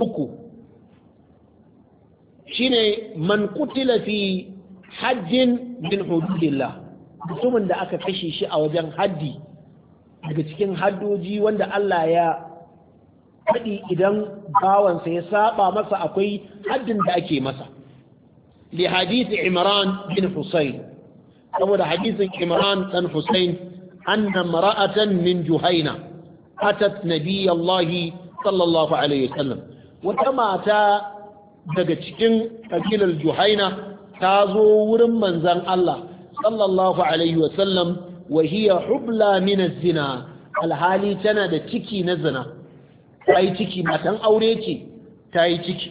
uku shine man qutila fi hajjin min hududillah mutumin da aka kashe shi a wajen haddi daga cikin haddoji wanda Allah ya faɗi idan bawansa ya saba masa akwai haddin da ake masa li hadisi imran bin husayn saboda hadisin imran dan husayn anna mara'atan min juhaina atat nabiyallahi sallallahu alaihi wasallam wata mata daga cikin kabilar juhaina ta zo wurin manzan Allah sallallahu alaihi wasallam wa hiya hubla min zina alhali tana da ciki na zina ta yi ciki matan aure ce ta yi ciki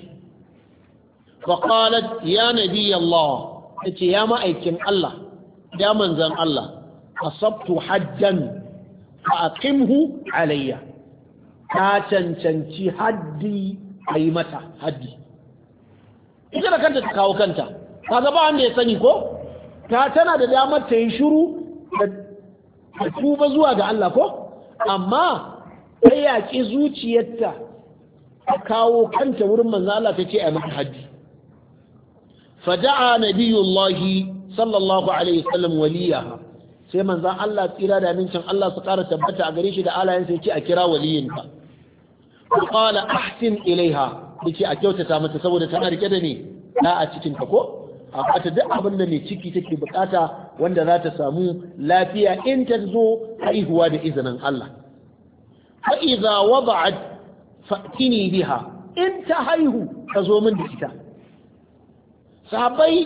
faƙalat ya nabi Allah ta ce ya ma'aikin Allah ya manzan Allah a asabtu hajjan fa aqimhu alayya ta cancanci haddi a yi mata haddi ita da kanta ta kawo kanta ta ba wanda ya sani ko ta tana da damar ta yi shuru da tuba zuwa ga Allah ko amma sai yaƙi zuciyarta a kawo kanta wurin manzala ta ce a mata fada'a nabiyullahi sallallahu alaihi wasallam sai manzo Allah tsira da amincin Allah su ƙara tabbata a gare shi da alayen sai ce a kira waliyinta qala ahsin ilaiha dace a kyautata mata saboda tana rike da ne na a cikin ta ko a bata duk abin da mai ciki take bukata wanda za ta samu lafiya in ta zo haihuwa da izinin Allah fa idza wada'at fa'tini biha in ta haihu ka zo min da ita sahabbai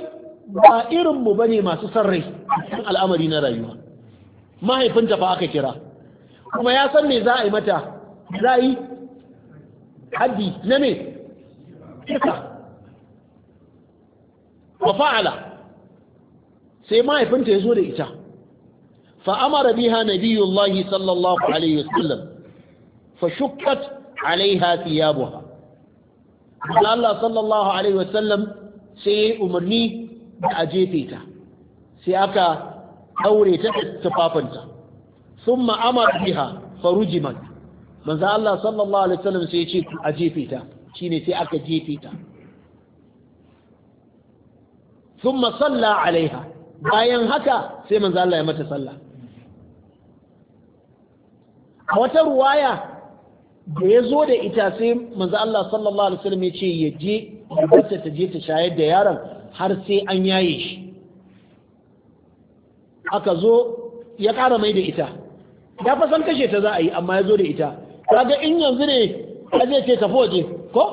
ba irin mu bane masu sarrai cikin al'amari na rayuwa mahaifinta ba aka kira kuma ya san me za a yi mata za yi haddi na me kika wa fa'ala sai mahaifinta ya zo da ita fa'amara biha nabiyullahi sallallahu alaihi wasallam fa shukkat alaiha thiyabuha Allah sallallahu alaihi wasallam sai umarni da a sai aka daure ta tufafanta Suma amara biha farujimat manzo Allah sallallahu alaihi wasallam sai ce a jefe ta shine sai aka salla bayan haka sai manzo Allah ya mata sallah a wata ruwaya da ya zo da ita sai manzo Allah sallallahu alaihi wasallam ya ce ya je wacce ta je ta shayar da yaron har sai an yaye shi aka zo ya ƙara mai da ita ya fa san kashe ta za a yi amma ya zo da ita kaga in yanzu ne a zai ce tafi waje ko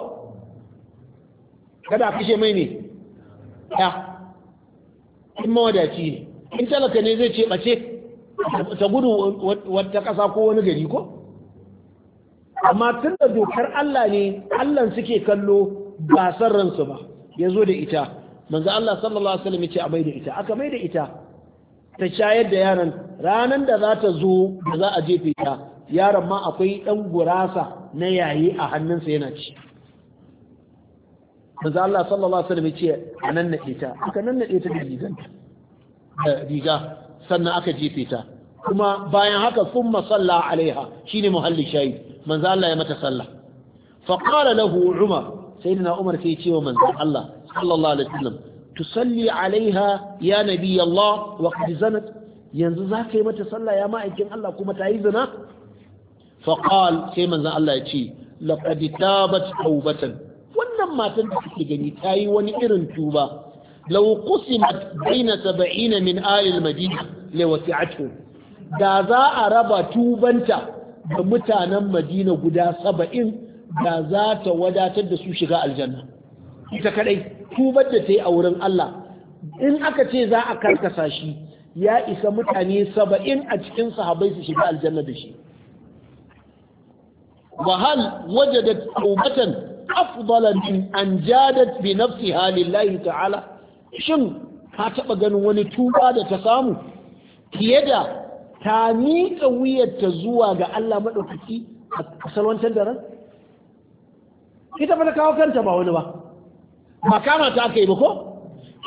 kada kashe mai ne ya in mawadaci ne in talaka ne zai ce ɓace ta gudu wata ƙasa ko wani gari ko amma tun da dokar Allah ne Allah suke kallo ba san ransu ba ya zo da ita manzo Allah sallallahu alaihi wasallam ya ce a mai da ita aka mai da ita ta shayar da yaron ranan da za ta zo da za a jefe ta yaron ma akwai dan gurasa na yayi a hannunsa yana ci manzo Allah sallallahu alaihi wasallam ya ce a nan na ita aka nan na ita da ta riga sannan aka jefe ta kuma bayan haka sun masalla alaiha shine muhalli shayi manzo Allah ya mata sallah fa qala lahu umar sayyidina umar sai ya ce wa manzo Allah sallallahu alaihi wasallam tusalli alaiha ya nabi Allah wa qad zanat yanzu za yi mata sallah ya ma'aikin Allah kuma ta yi zina fa qal sai manzo Allah ya ce laqad tabat tawbatan wannan matan da kake gani ta yi wani irin tuba لو قسمت بين سبعين من آل المدينة لوسعته da za a raba tubanta da mutanen madina guda saba'in da za ta wadatar da su shiga aljanna ita kadai tubar da ta yi a wurin Allah in aka ce za a karkasa shi ya isa mutane saba'in a cikin sahabai su shiga aljanna da shi وهل وجدت توبة أفضل من أن جادت بنفسها ta'ala. Shin ka كاتب ganin wani tuba da ta samu fiye da ta miƙa wuyarta zuwa ga Allah maɗaukaki a salwantar da ran ita ba ta kawo kanta ba wani ba ba kama ta aka yi ba ko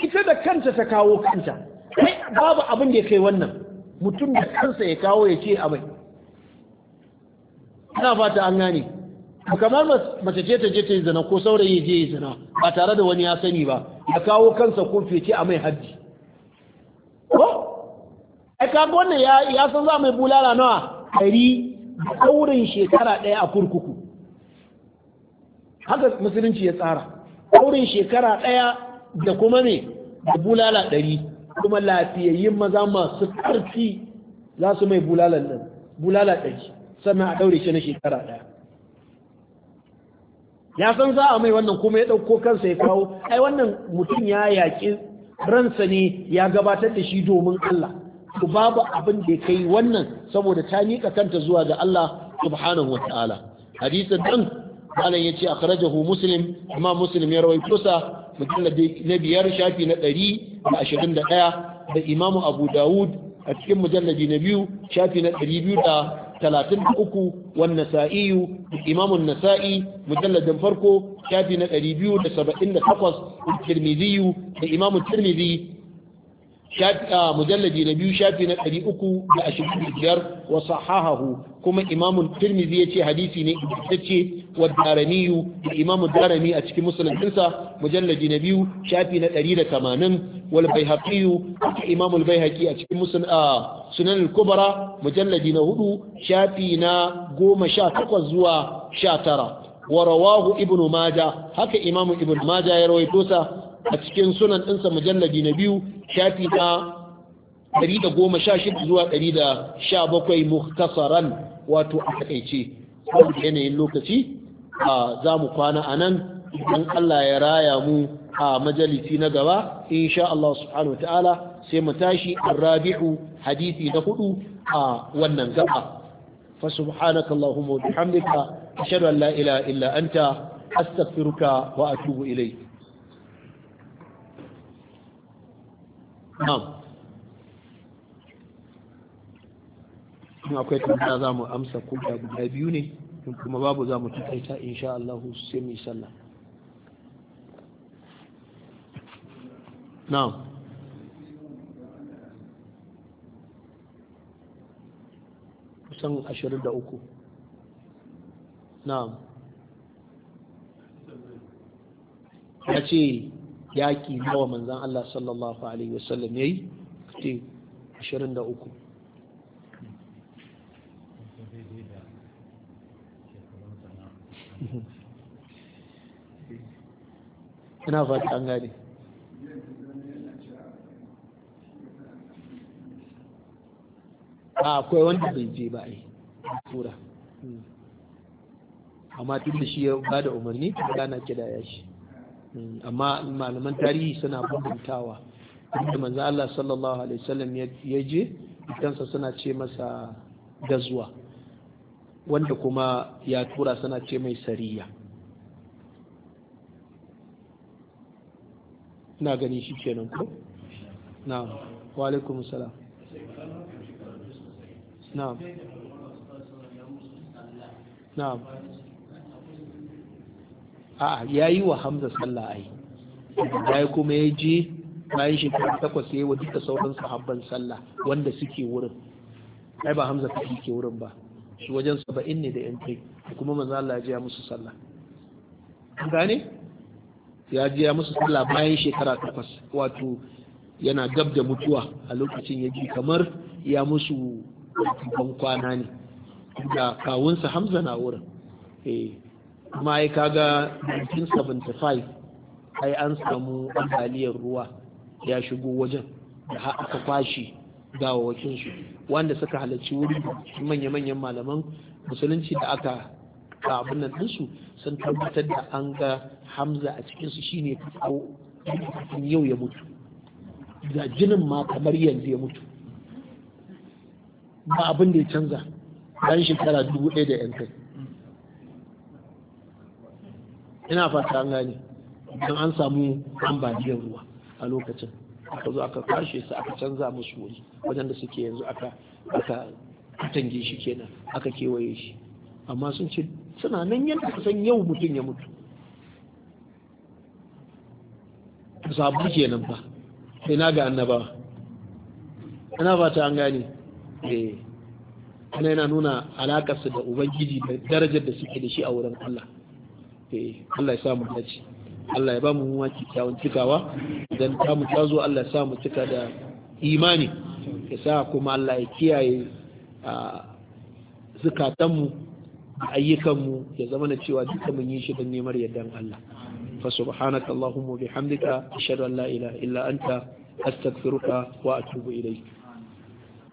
ita da kanta ta kawo kanta kai babu abin da ya kai wannan mutum da kansa ya kawo ya ce abai ina fata an gane kamar mace ce ta je ta yi zana ko saurayi je yi zana ba tare da wani ya sani ba ya kawo kansa ko fice a mai haji. ko ai kaga wannan ya san za mai bulala nawa ɗari ɗaurin shekara ɗaya a kurkuku haka musulunci ya tsara ɗaurin shekara ɗaya da kuma ne da bulala ɗari kuma lafiyayyin maza masu ƙarfi za su mai bulala ɗari sannan a ɗaure shi na shekara ɗaya ya san za a mai wannan kuma ya ɗauko kansa ya kawo ai wannan mutum ya yaƙi ransa ne ya gabatar da shi domin Allah Ku babu abin da kai wannan saboda ta miƙa kanta zuwa ga Allah subhanahu wata'ala hadisin nan malam yace akhrajahu muslim amma muslim ya rawaito sa mujallad na biyar shafi na ɗari da ashirin da da ɗaya, imam abu Dawud, a cikin mujalladi na biyu shafi na ɗari biyu da da talatin uku, wan nasa'i imam an-nasa'i mujalladin farko shafi na 278 tirmidhi da imam tirmidhi mujalladi na biyu shafi na ɗari uku da ashirin biyar wa sahahahu kuma imamun tirmizi ya ce hadisi ne ta ce wa daraniyu da imamu darani a cikin musuluncinsa mujalladi na biyu shafi na ɗari da tamanin wal baihaqiyu da imamu baihaqi a cikin sunan kubara mujalladi na hudu shafi na goma sha takwas zuwa sha tara wa rawahu ibnu maja haka imamu ibnu maja ya rawaito sa a cikin sunan ɗinsa mujalladi na biyu shafi na 116 zuwa 117 muhtasaran wato a takaice saboda yanayin lokaci a za mu kwana a nan idan Allah ya raya mu a majalisi na gaba insha Allah subhanahu ta'ala sai mu tashi rabi'u hadisi na hudu a wannan gaba fa subhanaka allahumma wa bihamdika ashhadu an la ilaha illa anta astaghfiruka na'am akwai tambaya za mu amsa ko da guda biyu ne kuma babu za mu taƙaita insha Allah sai mu sallah kusan ashirin da uku na'am ya ce yaƙi nawa manzan Allah sallallahu alaihi wasallam ya yi ce 23 ina fata an gane akwai wanda bai je ba ai tura hmm. amma tun da shi ya bada umarni gana ke da yashi Mm, amma malaman tarihi suna bambantawa inda manzo Allah sallallahu alaihi wasallam ya je kansa suna ce masa gazuwa wanda kuma ya tura suna ce mai sariya na gani shi kenan ko na'am wa alaikum salam na'am na'am a ya yi wa hamza sallah ai ya kuma ya je bayan shekara takwas ya yi wa duka sauran sahabban sallah wanda suke wurin ai ba hamza kaɗi ke wurin ba shi wajen saba'in ne da yan kai kuma manzo Allah ya je ya musu sallah gane ya je ya musu sallah bayan shekara takwas wato yana gab da mutuwa a lokacin ya ji kamar ya musu ban kwana ne da kawunsa hamza na wurin eh kuma ai kaga 1975 ai an samu ambaliyar ruwa ya shigo wajen da har aka kwashi gawawakin su wanda suka halarci wuri manya-manyan malaman musulunci da aka ka abin nan ɗinsu sun tabbatar da an ga hamza a cikinsu shine in yau ya mutu da jinin ma kamar yanzu ya mutu ba abin da ya canza ɗan shekara dubu ɗaya da yan ina fata an gane don an samu ambaliyar ruwa a lokacin aka zo aka kwashe su aka canza musu wuri wajen da suke yanzu aka aka tange shi kenan aka kewaye shi amma sun ce suna nan yadda kusan yau mutum ya mutu sabu kenan ba sai na ga annaba ana fata an gane eh ana yana nuna alakarsu da ubangiji da darajar da suke da shi a wurin Allah eh Allah ya sa mu dace Allah ya ba mu muwa kyawun cikawa idan ta mu ta Allah ya sa cika da imani ya sa kuma Allah ya kiyaye zukatan zukatanmu da ayyukanmu ya zama na cewa duka mun yi shi don neman yardan Allah fa subhanakallahumma bihamdika ashhadu an la ilaha illa anta astaghfiruka wa atubu ilayk